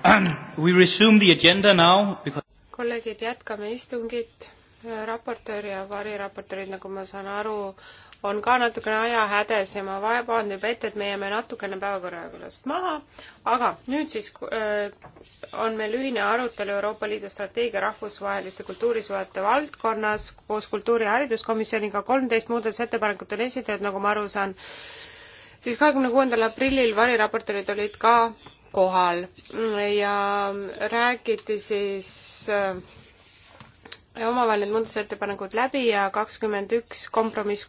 We resume the agenda now because kolleegid, jätkame istungit. raportöör ja variraportöörid, nagu ma saan aru, on ka natukene ajahädes ja ma vabandan juba ette, et me jääme natukene päevakorrajuhulast maha, aga nüüd siis öö, äh, on meil ühine arutelu Euroopa Liidu strateegia rahvusvaheliste kultuurisuhete valdkonnas koos kultuuri- ja hariduskomisjoniga. kolmteist muudatusettepanekut on esitatud, nagu ma aru saan, siis kahekümne kuuendal aprillil variraportöörid olid ka kohal ja räägiti siis äh, omavahel need muudatusettepanekud läbi ja kakskümmend üks kompromiss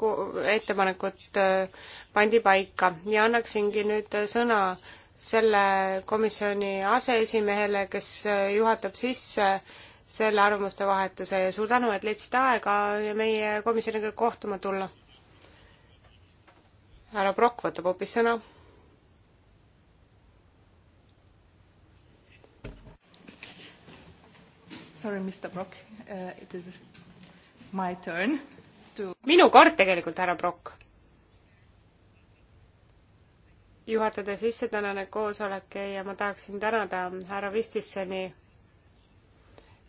ettepanekut äh, pandi paika ja annaksingi nüüd äh, sõna selle komisjoni aseesimehele, kes juhatab sisse selle arvamuste vahetuse ja suur tänu, et leidsite aega meie komisjoniga kohtuma tulla. härra Prokk võtab hoopis sõna Sorry, Mr Brock uh,, it is my turn to. minu kord tegelikult, härra Brock. juhatada sisse tänane koosolek ja ma tahaksin tänada härra Vistisseni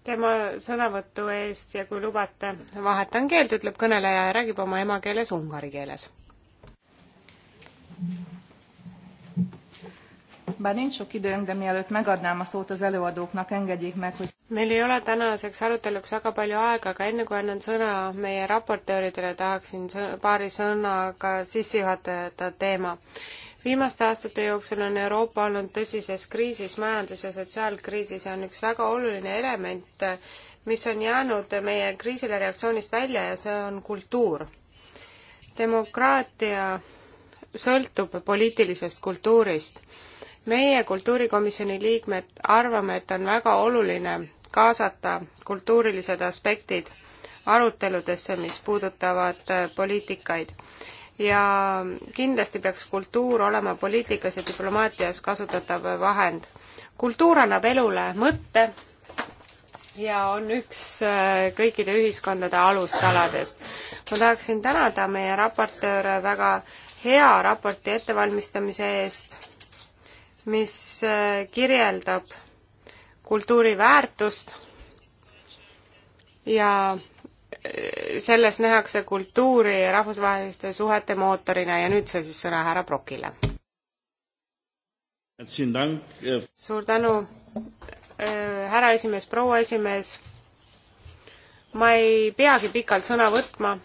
tema sõnavõtu eest ja kui lubate, vahetan keelt, ütleb kõneleja ja räägib oma emakeeles ungari keeles Bár nincs sok időnk, de mielőtt megadnám a szót az előadóknak, engedjék meg, hogy... Meil ei ole tänaseks aruteluks väga palju aega, aga enne kui annan sõna meie raportööridele, tahaksin sõna, paari sõnaga sissejuhatada teema. Viimaste aastate jooksul on Euroopa olnud tõsises kriisis, majandus- ja sotsiaalkriisis ja on üks väga oluline element, mis on jäänud meie kriisile reaktsioonist välja ja see on kultuur. demokraatia sõltub poliitilisest kultuurist meie kultuurikomisjoni liikmed arvame, et on väga oluline kaasata kultuurilised aspektid aruteludesse, mis puudutavad äh, poliitikaid. ja kindlasti peaks kultuur olema poliitikas ja diplomaatias kasutatav vahend. kultuur annab elule mõtte ja on üks äh, kõikide ühiskondade alustaladest. ma tahaksin tänada meie raportööre väga hea raporti ettevalmistamise eest mis äh, kirjeldab kultuuriväärtust ja äh, selles nähakse kultuuri rahvusvaheliste suhete mootorina ja nüüd sai siis sõna härra Brokile. Äh, suur tänu, härra esimees, proua esimees. ma ei peagi pikalt sõna võtma,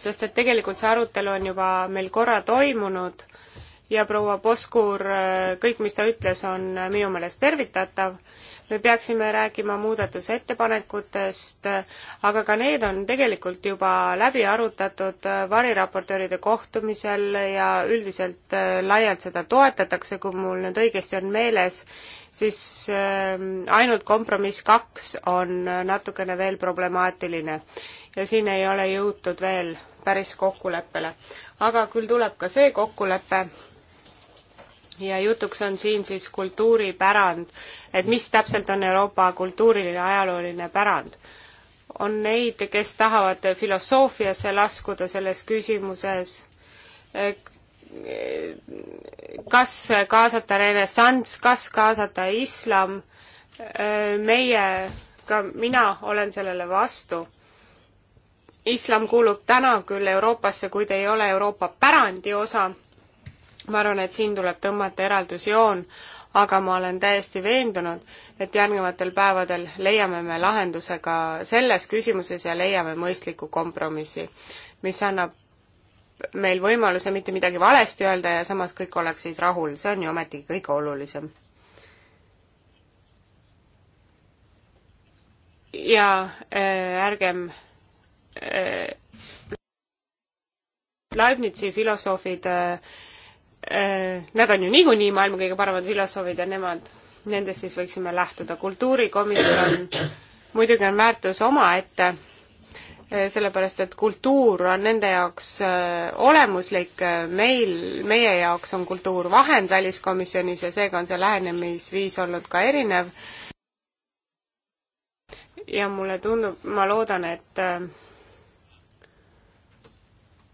sest et tegelikult see arutelu on juba meil korra toimunud ja proua Poskur, äh, kõik, mis ta ütles, on äh, minu meelest tervitatav. me peaksime rääkima muudatusettepanekutest, äh, aga ka need on tegelikult juba läbi arutatud variraportööride kohtumisel ja üldiselt laialt seda toetatakse, kui mul nüüd õigesti on meeles, siis ähm, ainult kompromiss kaks on natukene veel problemaatiline ja siin ei ole jõutud veel päris kokkuleppele. aga küll tuleb ka see kokkulepe, ja jutuks on siin siis kultuuripärand, et mis täpselt on Euroopa kultuuriline ajalooline pärand. on neid, kes tahavad filosoofiasse laskuda selles küsimuses, kas kaasata renessanss, kas kaasata islam, meie, ka mina olen sellele vastu. islam kuulub täna küll Euroopasse, kuid ei ole Euroopa pärandi osa ma arvan, et siin tuleb tõmmata eraldusjoon, aga ma olen täiesti veendunud, et järgnevatel päevadel leiame me lahenduse ka selles küsimuses ja leiame mõistliku kompromissi, mis annab meil võimaluse mitte midagi valesti öelda ja samas kõik oleksid rahul, see on ju ometigi kõige olulisem. ja äh, ärgem äh, Leibnizi filosoofid äh, Äh, nad on ju niikuinii maailma kõige paremad filosoofid ja nemad, nendest siis võiksime lähtuda. kultuurikomisjon muidugi on väärtus omaette, äh, sellepärast et kultuur on nende jaoks äh, olemuslik, meil, meie jaoks on kultuur vahend väliskomisjonis ja seega on see lähenemisviis olnud ka erinev. ja mulle tundub, ma loodan, et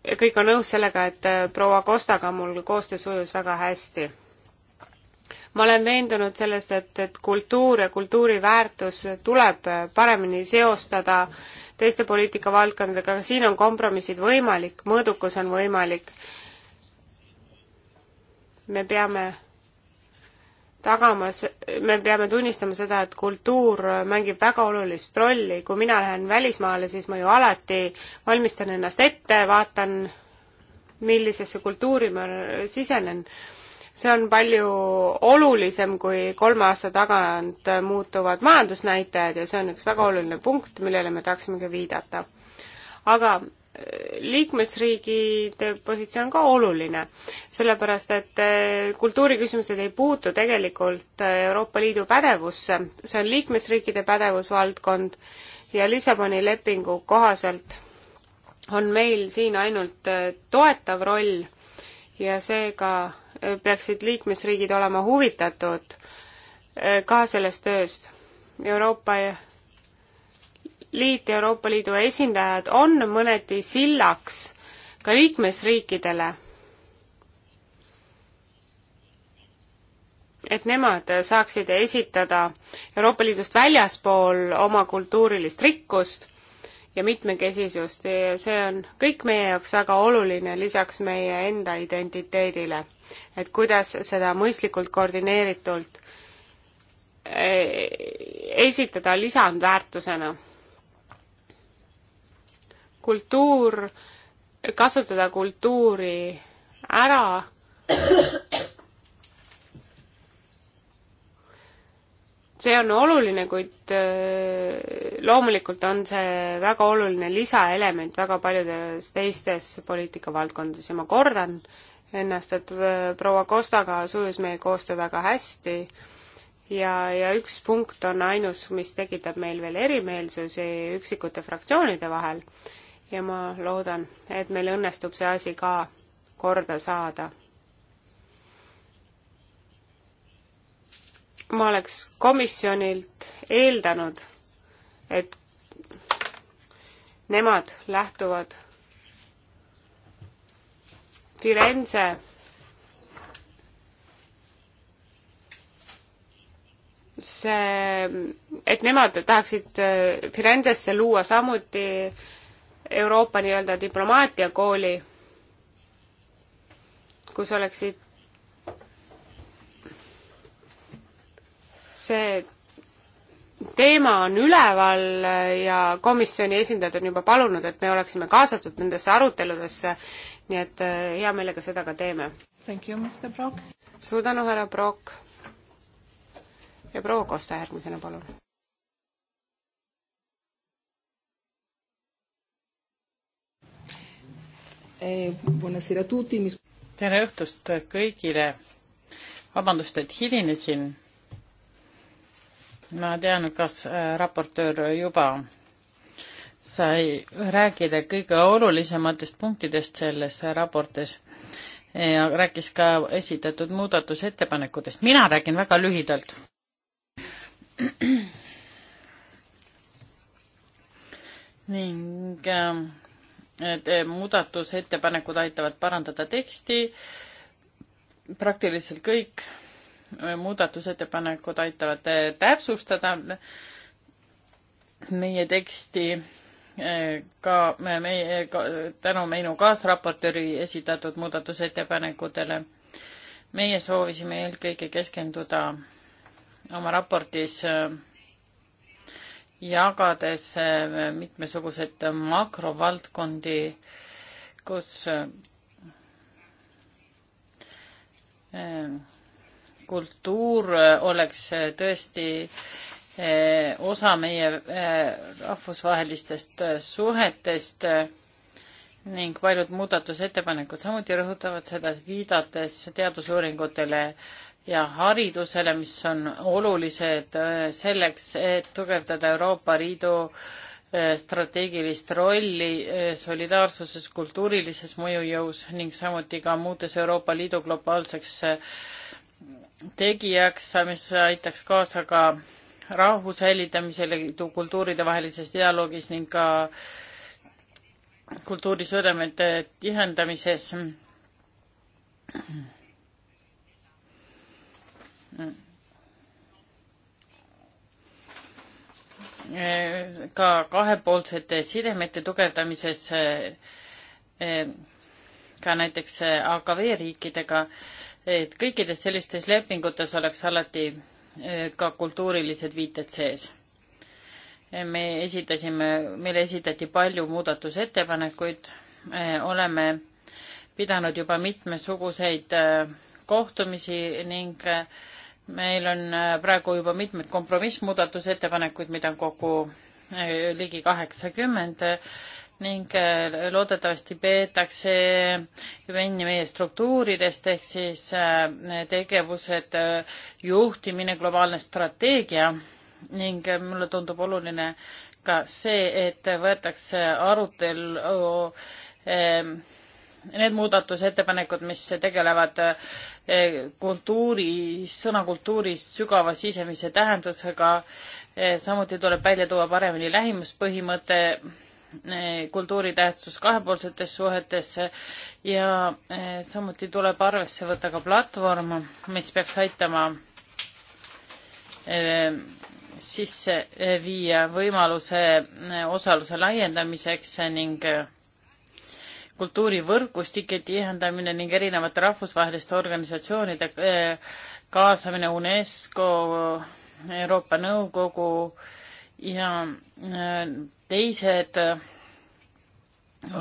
kõik on nõus sellega, et äh, proua Kostaga mul koostöö sujus väga hästi. ma olen veendunud sellest, et, et kultuur ja kultuuriväärtus tuleb äh, paremini seostada teiste poliitikavaldkondadega, aga siin on kompromissid võimalik, mõõdukus on võimalik. me peame tagamas, me peame tunnistama seda, et kultuur mängib väga olulist rolli, kui mina lähen välismaale, siis ma ju alati valmistan ennast ette, vaatan, millisesse kultuuri ma sisenen. see on palju olulisem kui kolme aasta tagant muutuvad majandusnäitajad ja see on üks väga oluline punkt, millele me tahaksime ka viidata. aga liikmesriigide positsioon ka oluline, sellepärast et eh, kultuuriküsimused ei puutu tegelikult eh, Euroopa Liidu pädevusse, see on liikmesriikide pädevusvaldkond ja Lissaboni lepingu kohaselt on meil siin ainult eh, toetav roll ja seega peaksid liikmesriigid olema huvitatud ka sellest tööst. Euroopa Liit ja Euroopa Liidu esindajad on mõneti sillaks ka liikmesriikidele, et nemad saaksid esitada Euroopa Liidust väljaspool oma kultuurilist rikkust ja mitmekesisust ja see on kõik meie jaoks väga oluline lisaks meie enda identiteedile. et kuidas seda mõistlikult koordineeritult eh, esitada lisandväärtusena kultuur, kasutada kultuuri ära. see on oluline, kuid äh, loomulikult on see väga oluline lisaelement väga paljudes teistes poliitikavaldkondades ja ma kordan ennast, et äh, proua Kostaga sujus meie koostöö väga hästi ja, ja üks punkt on ainus, mis tekitab meil veel erimeelsusi üksikute fraktsioonide vahel ja ma loodan, et meil õnnestub see asi ka korda saada. ma oleks komisjonilt eeldanud, et nemad lähtuvad Firenze see, et nemad tahaksid äh, Firenzesse luua samuti Euroopa nii-öelda diplomaatiakooli, kus oleksid see teema on üleval ja komisjoni esindajad on juba palunud, et me oleksime kaasatud nendesse aruteludesse, nii et äh, hea meelega seda ka teeme. suur tänu, härra Brock! ja proua Kosta järgmisena, palun Eh, tere õhtust kõigile. vabandust, et hilinesin. ma tean, kas äh, raportöör juba sai rääkida kõige olulisematest punktidest selles raportis ja rääkis ka esitatud muudatusettepanekutest. mina räägin väga lühidalt. ning äh, Need eh, muudatusettepanekud aitavad parandada teksti. praktiliselt kõik eh, muudatusettepanekud aitavad eh, täpsustada meie teksti ka meie, tänu minu kaasraportööri esitatud muudatusettepanekutele. meie soovisime eelkõige keskenduda oma raportis äh, jagades äh, mitmesuguseid makrovaldkondi, kus, äh, kultuur oleks tõesti äh, osa meie rahvusvahelistest suhetest ning paljud muudatusettepanekud samuti rõhutavad seda, viidates teadusuuringutele ja haridusele, mis on olulised äh, selleks, et tugevdada Euroopa Liidu äh, strateegilist rolli äh, solidaarsuses, kultuurilises mõjujõus ning samuti ka muutes Euroopa Liidu globaalseks tegijaks, mis aitaks kaasa ka rahu säilitamisele kultuuride vahelises dialoogis ning ka kultuurisõdemete tihendamises ka kahepoolsete sidemete tugevdamises eh, eh, ka näiteks eh, AKV riikidega, et kõikides sellistes lepingutes oleks alati ka kultuurilised viited sees. me esitasime, meile esitati palju muudatusettepanekuid, oleme pidanud juba mitmesuguseid kohtumisi ning äh, meil on äh, praegu juba mitmed kompromissmuudatusettepanekuid, mida on kokku äh, ligi kaheksakümmend äh, ning loodetavasti peetakse kinni meie struktuuridest ehk siis tegevused, juhtimine, globaalne strateegia ning mulle tundub oluline ka see, et võetakse arutelu need muudatusettepanekud, mis tegelevad eh, kultuuri, sõnakultuuris sügava sisemise tähendusega, eh, samuti tuleb välja tuua paremini lähimuspõhimõte, eh, kultuuri tähtsus kahepoolsetes suhetes ja samuti tuleb arvesse võtta ka platvorm, mis peaks aitama sisse viia võimaluse osaluse laiendamiseks ning kultuurivõrgustike tihendamine ning erinevate rahvusvaheliste organisatsioonide eh, kaasamine UNESCO, Euroopa Nõukogu ja eh, teised eh,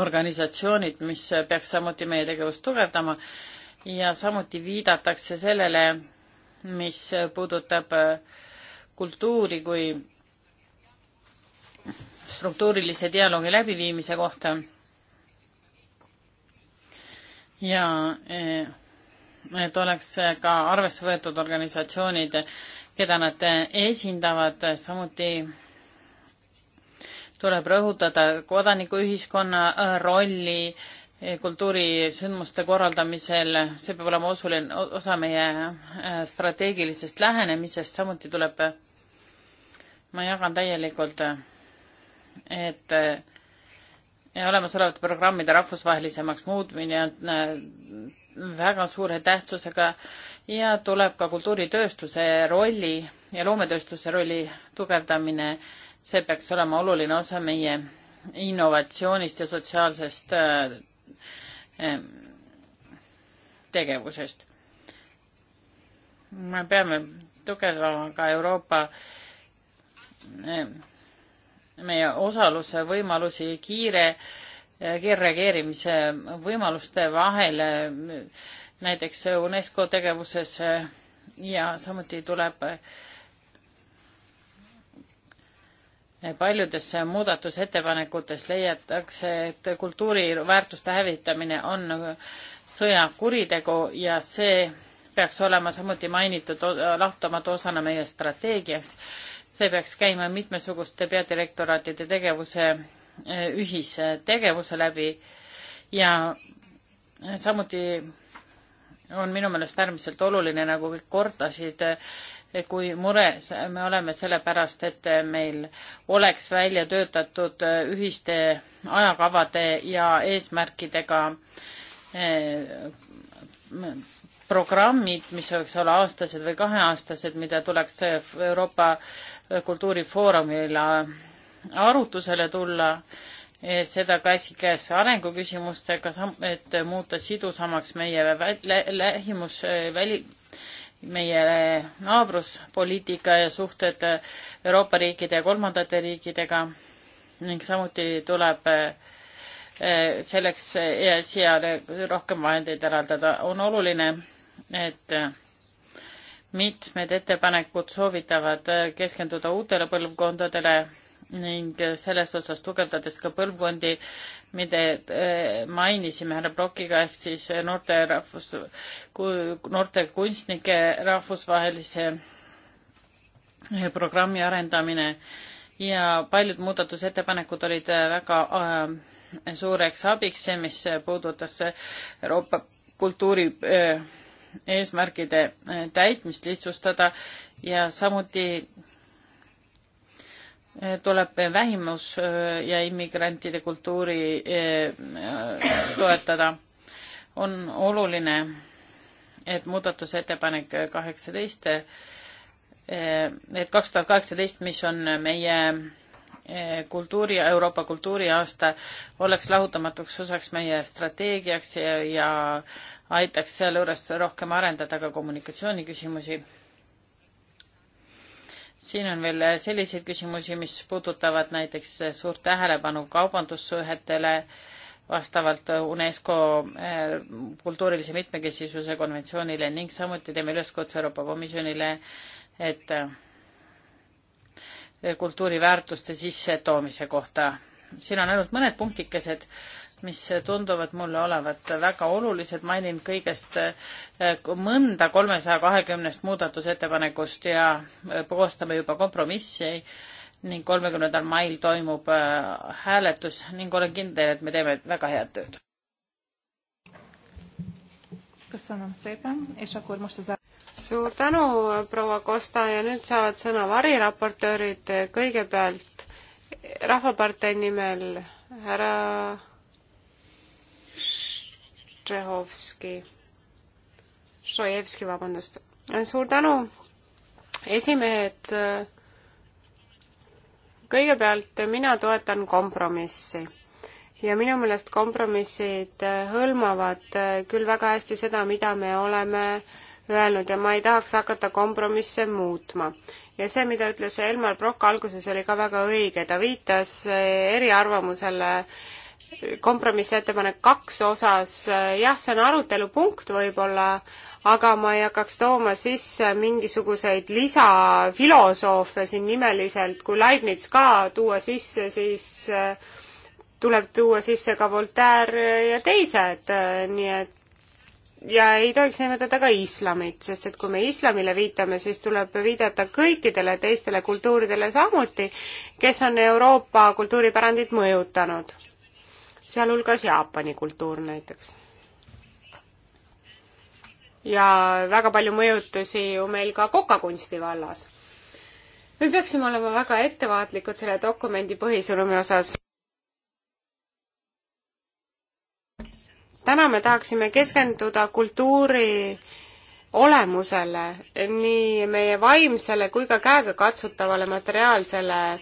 organisatsioonid, mis peaks samuti meie tegevust tugevdama ja samuti viidatakse sellele, mis puudutab kultuuri kui struktuurilise dialoogi läbiviimise kohta ja eh, et oleks ka arvesse võetud organisatsioonid, keda nad esindavad, samuti tuleb rõhutada kodanikuühiskonna eh, rolli eh, kultuurisündmuste korraldamisel, see peab olema osuline, osa meie strateegilisest lähenemisest, samuti tuleb, ma jagan täielikult, et olemasolevate programmide rahvusvahelisemaks muutmine on äh, väga suure tähtsusega ja tuleb ka kultuuritööstuse rolli ja loometööstuse rolli tugevdamine. see peaks olema oluline osa meie innovatsioonist ja sotsiaalsest äh, äh, tegevusest. me peame tugevdama ka Euroopa meie osaluse võimalusi kiire, kiirreageerimise võimaluste vahel, näiteks UNESCO tegevuses ja samuti tuleb paljudes muudatusettepanekutes leiatakse, et kultuuriväärtuste hävitamine on sõjakuritegu ja see peaks olema samuti mainitud lahtamatu osana meie strateegias see peaks käima mitmesuguste peadirektoraatide tegevuse eh, ühise tegevuse läbi ja samuti on minu meelest äärmiselt oluline, nagu kõik kordasid, eh, kui mures me oleme selle pärast, et eh, meil oleks välja töötatud ühiste ajakavade ja eesmärkidega programmid, mis võiks olla aastased või kaheaastased, mida tuleks Euroopa kultuurifoorumile arutusele tulla, eh, seda käsikäes arenguküsimustega, et muuta sidusamaks meie lähimus, eh, väli, meie naabruspoliitika ja suhted Euroopa riikide ja kolmandate riikidega ning samuti tuleb eh, selleks siia rohkem vahendeid eraldada. on oluline et mitmed ettepanekud soovitavad keskenduda uutele põlvkondadele ning selles osas tugevdades ka põlvkondi, mida eh, mainisime härra Brokiga, ehk siis noorte rahvus, noorte kunstnike rahvusvahelise eh, programmi arendamine ja paljud muudatusettepanekud olid eh, väga äh, suureks abiks, see, mis puudutas Euroopa kultuuri äh, eesmärkide eh, täitmist lihtsustada ja samuti eh, tuleb vähimus eh, ja immigrantide kultuuri toetada. on oluline, et muudatusettepanek kaheksateist, et kaks tuhat kaheksateist, mis on meie Eh, kultuuri, Euroopa kultuuriaasta oleks lahutamatuks osaks meie strateegiaks ja, ja aitaks sealjuures rohkem arendada ka kommunikatsiooniküsimusi. siin on veel selliseid küsimusi, mis puudutavad näiteks suurt tähelepanu kaubandussuhetele vastavalt UNESCO eh, kultuurilise mitmekesisuse konventsioonile ning samuti teeme üleskutse Euroopa Komisjonile, et kultuuriväärtuste sissetoomise kohta. siin on ainult mõned punktikesed, mis tunduvad mulle olevat väga olulised, mainin kõigest eh, mõnda kolmesaja kahekümnest muudatusettepanekust ja eh, koostame juba kompromissi ning kolmekümnendal mail toimub eh, hääletus ning olen kindel, et me teeme väga head tööd. Köszönöm szépen, és akkor most az... Suur tänu, proua Kosta, ja nüüd saavad sõna variraportöörid. Kõigepealt Rahvapartei nimel härra Štrehovski. Šojevski, vabandust. Suur tänu, esimehed. Kõigepealt mina toetan kompromissi ja minu meelest kompromissid äh, hõlmavad äh, küll väga hästi seda, mida me oleme öelnud ja ma ei tahaks hakata kompromisse muutma. ja see, mida ütles Elmar Brokk alguses, oli ka väga õige, ta viitas äh, eriarvamusele kompromissettepanek kaks osas, jah, see on arutelupunkt võib-olla, aga ma ei hakkaks tooma sisse mingisuguseid lisafilosoofe siin nimeliselt, kui Leibniz ka tuua sisse, siis äh, tuleb tuua sisse ka Voltaire ja teised, äh, nii et ja ei tohiks nimetada ka islamit, sest et kui me islamile viitame, siis tuleb viidata kõikidele teistele kultuuridele samuti, kes on Euroopa kultuuripärandit mõjutanud, sealhulgas Jaapani kultuur näiteks. ja väga palju mõjutusi ju meil ka kokakunsti vallas. me peaksime olema väga ettevaatlikud selle dokumendi põhisõnumi osas täna me tahaksime keskenduda kultuuri olemusele, nii meie vaimsele kui ka käegakatsutavale materiaalsele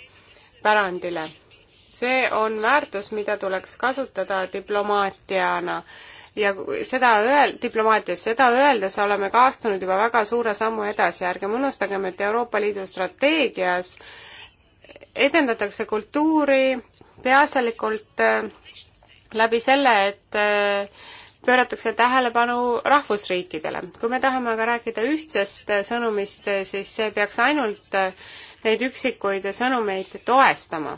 pärandile. see on väärtus, mida tuleks kasutada diplomaatiana ja seda öel-, diplomaatias, seda öeldes oleme ka astunud juba väga suure sammu edasi, ärgem unustagem, et Euroopa Liidu strateegias edendatakse kultuuri peaasjalikult äh, läbi selle, et äh, pööratakse tähelepanu rahvusriikidele. kui me tahame aga rääkida ühtsest äh, sõnumist, äh, siis see peaks ainult neid üksikuid sõnumeid toestama.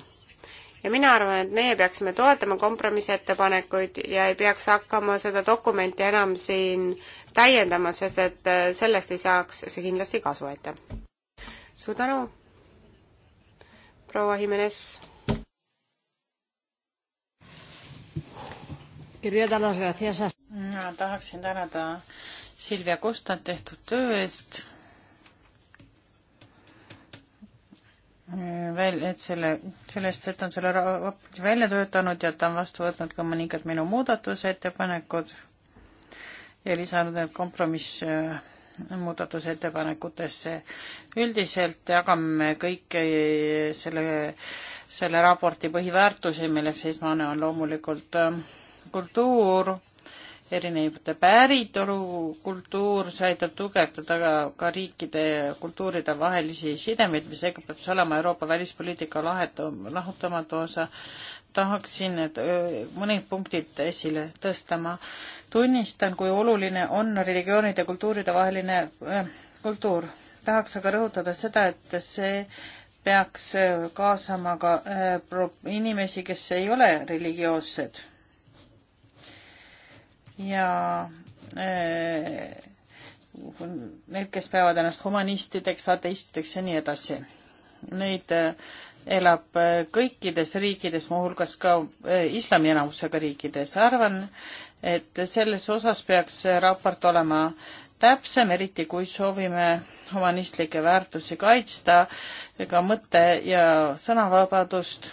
ja mina arvan, et meie peaksime toetama kompromissettepanekuid ja ei peaks hakkama seda dokumenti enam siin täiendama, sest et sellest ei saaks see kindlasti kasu, aitäh! suur tänu, proua Jimenez! mina tahaksin tänada Silvia Kostat tehtud töö eest. veel, et selle, sellest, et on selle raporti välja töötanud ja ta on vastu võtnud ka mõningad minu muudatusettepanekud ja lisanud need kompromiss äh, muudatusettepanekutesse. üldiselt jagame kõiki selle, selle raporti põhiväärtusi, milleks esmane on loomulikult äh, kultuur, erinevate päritolu kultuur, see aitab tugevdada ka, ka riikide ja kultuuride vahelisi sidemeid, mis seega peab see olema Euroopa välispoliitika lahetu-, lahutamatu osa. tahaksin need mõned punktid esile tõsta, ma tunnistan, kui oluline on religioonide ja kultuuride vaheline äh, kultuur. tahaks aga rõhutada seda, et see peaks kaasama ka inimesi, kes ei ole religioossed ja eh, need, kes peavad ennast humanistideks, ateistideks ja nii edasi. Neid eh, elab eh, kõikides riikides, muuhulgas ka islami enamusega riikides. arvan, et selles osas peaks see raport olema täpsem, eriti kui soovime humanistlikke väärtusi kaitsta, ka mõtte- ja sõnavabadust,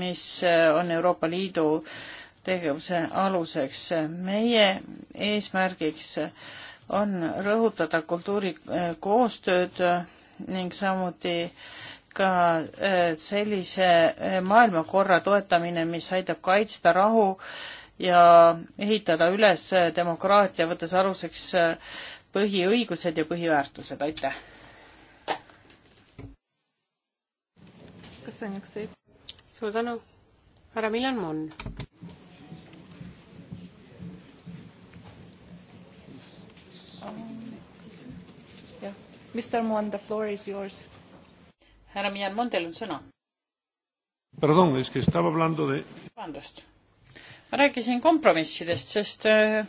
mis on Euroopa Liidu äh, tegevuse aluseks. meie eesmärgiks on rõhutada kultuurikoostööd äh, ning samuti ka äh, sellise äh, maailmakorra toetamine, mis aitab kaitsta rahu ja ehitada üles demokraatia, võttes aluseks põhiõigused ja põhiväärtused, aitäh! suur tänu, härra Milan Mon! jah, Mr Muan, the floor is yours. härra Mian Mon, teil on sõna. Pardon, es que estaba hablando de. vabandust, ma rääkisin kompromissidest, sest äh,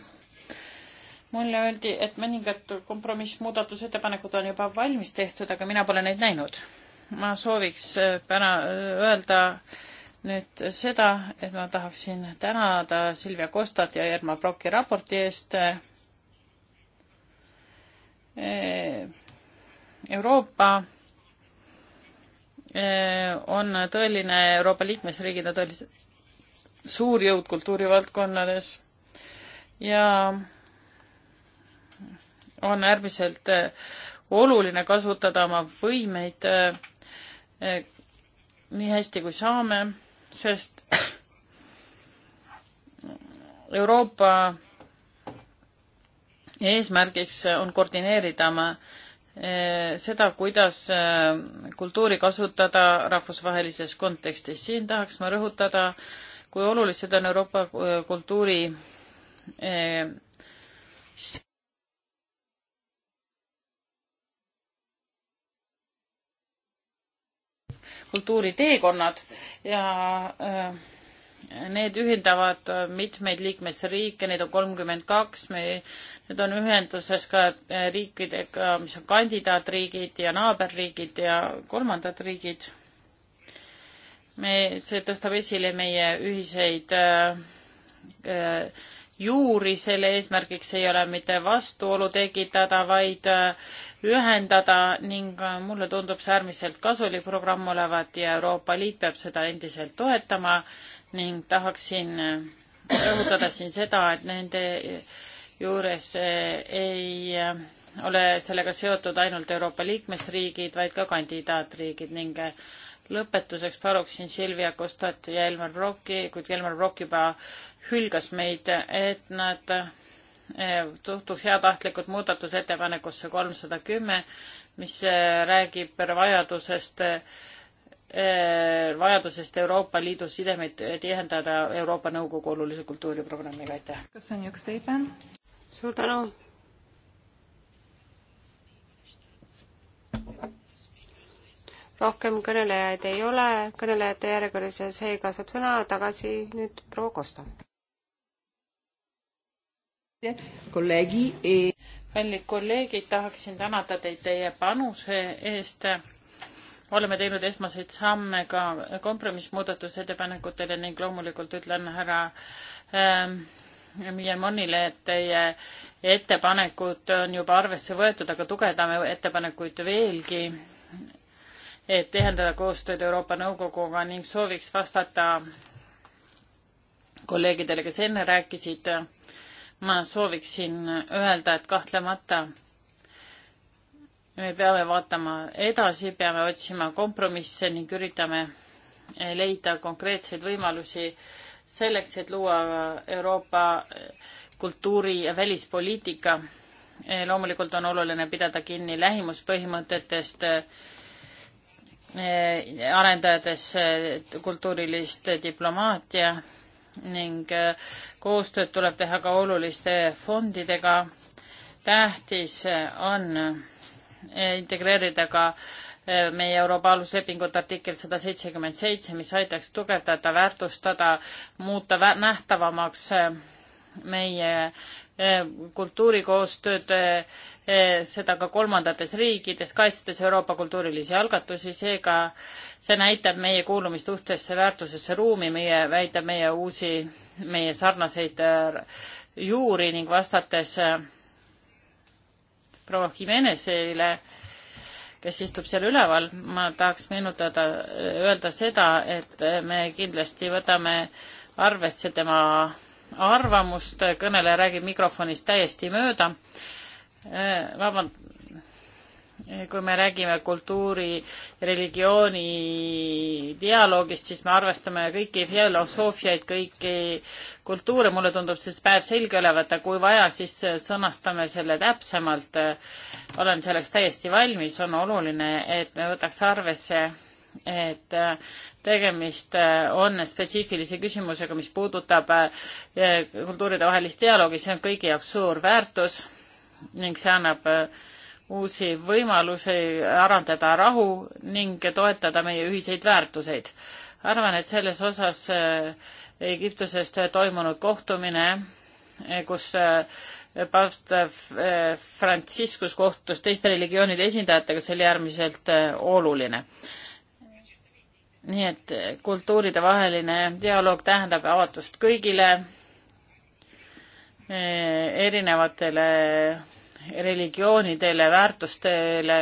mulle öeldi, et mõningad kompromissmuudatusettepanekud on juba valmis tehtud, aga mina pole neid näinud. ma sooviks täna äh, äh, öelda nüüd seda, et ma tahaksin tänada Silvia Kostat ja Erma Broki raporti eest äh, Eh, Euroopa eh, on tõeline, Euroopa liikmesriigid on tõelised suurjõud kultuurivaldkonnades ja on äärmiselt eh, oluline kasutada oma võimeid nii hästi kui saame, sest Euroopa eesmärgiks on koordineerida oma eh, seda, kuidas eh, kultuuri kasutada rahvusvahelises kontekstis. siin tahaks ma rõhutada, kui olulised on Euroopa eh, kultuuri kultuuriteekonnad ja äh, Need ühendavad äh, mitmeid liikmesriike, neid on kolmkümmend kaks, me, need on ühenduses ka äh, riikidega, mis on kandidaatriigid ja naaberriigid ja kolmandad riigid. me, see tõstab esile meie ühiseid äh, äh, juuri, selle eesmärgiks ei ole mitte vastuolu tekitada, vaid äh, ühendada ning äh, mulle tundub see äärmiselt kasulik programm olevat ja Euroopa Liit peab seda endiselt toetama ning tahaksin äh, rõhutada siin seda, et nende juures ei ole sellega seotud ainult Euroopa liikmesriigid, vaid ka kandidaatriigid ning lõpetuseks paluksin Silvia Kostat ja Elmar Brocki, kuid Elmar Brock juba hülgas meid, et nad eh, suhtuks heatahtlikult muudatusettepanekusse kolmsada kümme, mis eh, räägib vajadusest eh, vajadusest Euroopa Liidu sidemeid tihendada Euroopa Nõukogu olulise kultuuriprogrammiga, aitäh. kas on üks teine? suur tänu rohkem kõnelejaid ei ole kõnelejate järjekorras ja seega saab sõna tagasi nüüd proua Kosta. kolleegi e. kallid kolleegid, tahaksin tänada teid teie panuse eest. oleme teinud esmaseid samme ka kompromissmuudatusettepanekutele ning loomulikult ütlen härra ähm, Miljemonile, et teie ettepanekud on juba arvesse võetud, aga tugevdame ettepanekuid veelgi et tihendada koostööd Euroopa Nõukoguga ning sooviks vastata kolleegidele, kes enne rääkisid. ma sooviksin öelda, et kahtlemata me peame vaatama edasi, peame otsima kompromisse ning üritame leida konkreetseid võimalusi selleks, et luua Euroopa kultuuri ja välispoliitika. loomulikult on oluline pidada kinni lähimuspõhimõtetest Eh, arendades eh, kultuurilist diplomaatia ning eh, koostööd tuleb teha ka oluliste fondidega. tähtis on integreerida ka meie Euroopa aluslepingut artikkel sada seitsekümmend seitse, mis aitaks tugevdada, väärtustada, muuta nähtavamaks meie eh, kultuurikoostööd, eh, eh, seda ka kolmandates riikides, kaitstes Euroopa kultuurilisi algatusi, seega see näitab meie kuulumist uhtesse väärtusesse ruumi, meie, väitab meie uusi, meie sarnaseid juuri ning vastates proua Jimenezile, kes istub seal üleval, ma tahaks meenutada, öelda seda, et me kindlasti võtame arvesse tema arvamust, kõneleja räägib mikrofonist täiesti mööda. vaband-, kui me räägime kultuuri, religiooni dialoogist, siis me arvestame kõiki filosoofiaid, kõiki kultuure, mulle tundub see päev selge olevat, aga kui vaja, siis sõnastame selle täpsemalt. olen selleks täiesti valmis, on oluline, et me võtaks arvesse et äh, tegemist äh, on spetsiifilise küsimusega, mis puudutab äh, kultuuride vahelist dialoogi, see on kõigi jaoks suur väärtus ning see annab uusi võimalusi arendada rahu ning toetada meie ühiseid väärtuseid. arvan, et selles osas Egiptuses toimunud kohtumine, kus paavst Franciscus kohtus teiste religioonide esindajatega, see oli äärmiselt oluline nii et kultuuridevaheline dialoog tähendab avatust kõigile eh, erinevatele religioonidele, väärtustele,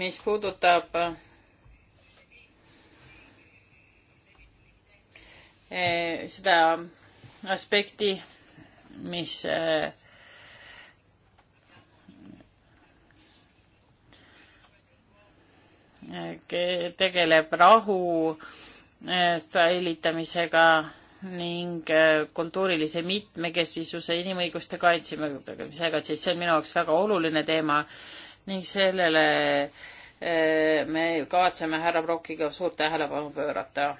mis puudutab eh, seda aspekti, mis äh, tegeleb rahu eh, säilitamisega ning eh, kultuurilise mitmekesisuse inimõiguste kaitsmisega, siis see on minu jaoks väga oluline teema ning sellele eh, me kavatseme härra Brokiga suurt tähelepanu pöörata.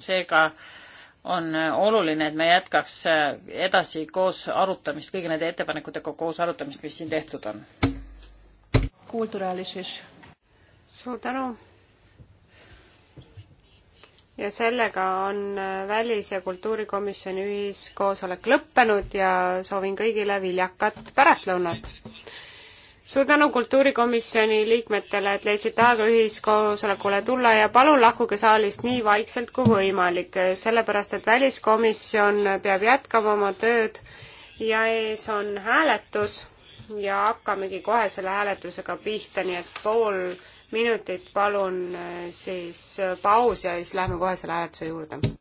seega on oluline, et me jätkaks edasi koos arutamist, kõigi nende ettepanekutega koos arutamist, mis siin tehtud on. kulturaalis siis suur tänu! ja sellega on äh, Välis- ja Kultuurikomisjoni ühiskoosolek lõppenud ja soovin kõigile viljakat pärastlõunat! suur tänu Kultuurikomisjoni liikmetele, et leidsite aega ühiskoosolekule tulla ja palun lahkuge saalist nii vaikselt kui võimalik, sellepärast et Väliskomisjon peab jätkama oma tööd ja ees on hääletus ja hakkamegi kohe selle hääletusega pihta, nii et pool minutit palun äh, siis äh, paus ja siis lähme kohe selle hääletuse juurde.